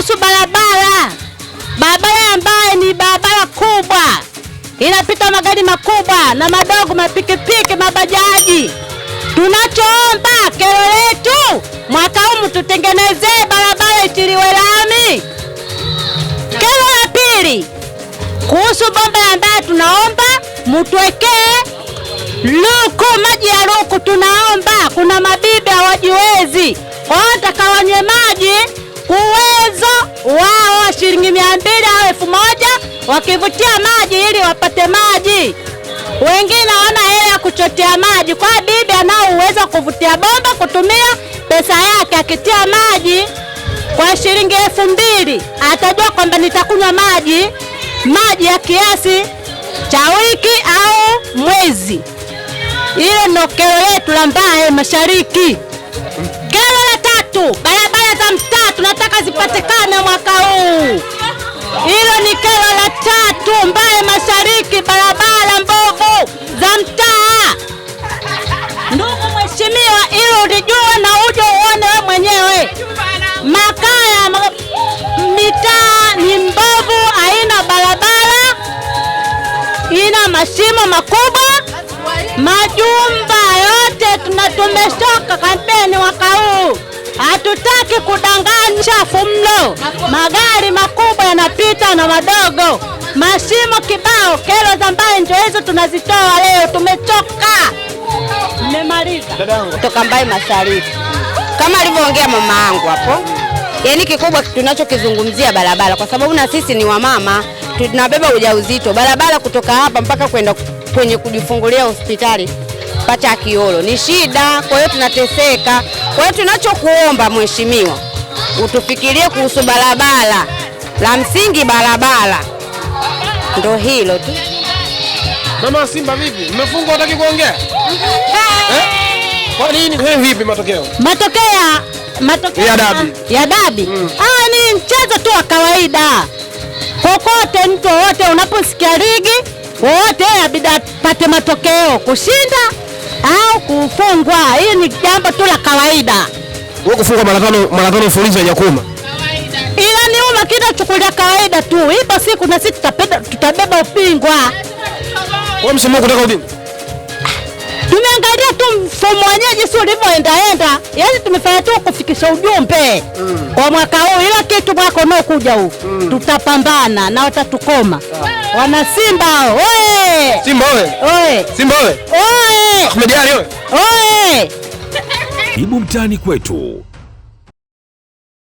kuhusu barabara, barabara ambayo ni barabara kubwa inapita magari makubwa na madogo, mapikipiki, mabajaji. Tunachoomba kero letu mwaka huu tutengenezee barabara itiliwe lami. Kero la pili kuhusu bomba ambayo tunaomba mtuwekee luku, maji ya luku. Tunaomba kuna mabibi hawajiwezi wanataka wanywe maji wakivutia maji ili wapate maji. Wengine hawana hela ya kuchotea maji, kwa bibi anao uwezo kuvutia bomba kutumia pesa yake, akitia maji kwa shilingi elfu mbili atajua kwamba nitakunywa maji maji ya kiasi cha wiki au mwezi. Hiyo ndio kero yetu la Mbae Mashariki. Kero la tatu, barabara za mtaa tunataka Tumbaye Mashariki, barabara mbovu za mtaa. Ndugu mheshimiwa, ili ulijua na uje uone wewe mwenyewe, makaya mitaa ni mbovu, haina barabara, ina mashimo makubwa, majumba yote tuna tumeshoka. Kampeni mwaka huu hatutaki kudanganya, chafu mlo, magari makubwa yanapita na madogo mashimo kibao, kero za mbaye ndio hizo tunazitoa leo, tumechoka. Mmemaliza kutoka mbaye Mashariki, kama alivyoongea mama yangu hapo, yaani kikubwa tunachokizungumzia barabara, kwa sababu na sisi ni wamama tunabeba ujauzito. Barabara kutoka hapa mpaka kwenda kwenye kujifungulia hospitali pata kiolo ni shida, kwa hiyo tunateseka. Kwa hiyo tunachokuomba mheshimiwa, utufikirie kuhusu barabara, la msingi barabara. Ndo hilo tu. Mama Simba vipi? Mmefungwa hataki kuongea? Eh? Eh? Kwa nini? Wewe eh, vipi matokeo? Matokeo ya matokeo ya dabi. Ya dabi. Mm. Ah, ni mchezo tu wa kawaida. Kokote mtu wote unaposikia ligi wote inabidi pate matokeo kushinda au kufungwa. Hii ni jambo tu la kawaida. Wewe kufungwa mara tano mara tano ya mfululizo Kawaida. Ila ni uma kitu ubingwa. Wewe msimu kutaka ubingwa? Tumeangalia tu mfumo wenyewe jinsi ulivyoendaenda, yaani tumefanya tu kufikisha ujumbe mm. kwa mwaka huu, ila kitu mwaka unaokuja huu mm. tutapambana na watatukoma ah. wana Simba Simba Simba Ahmed Ali Ibu mtani kwetu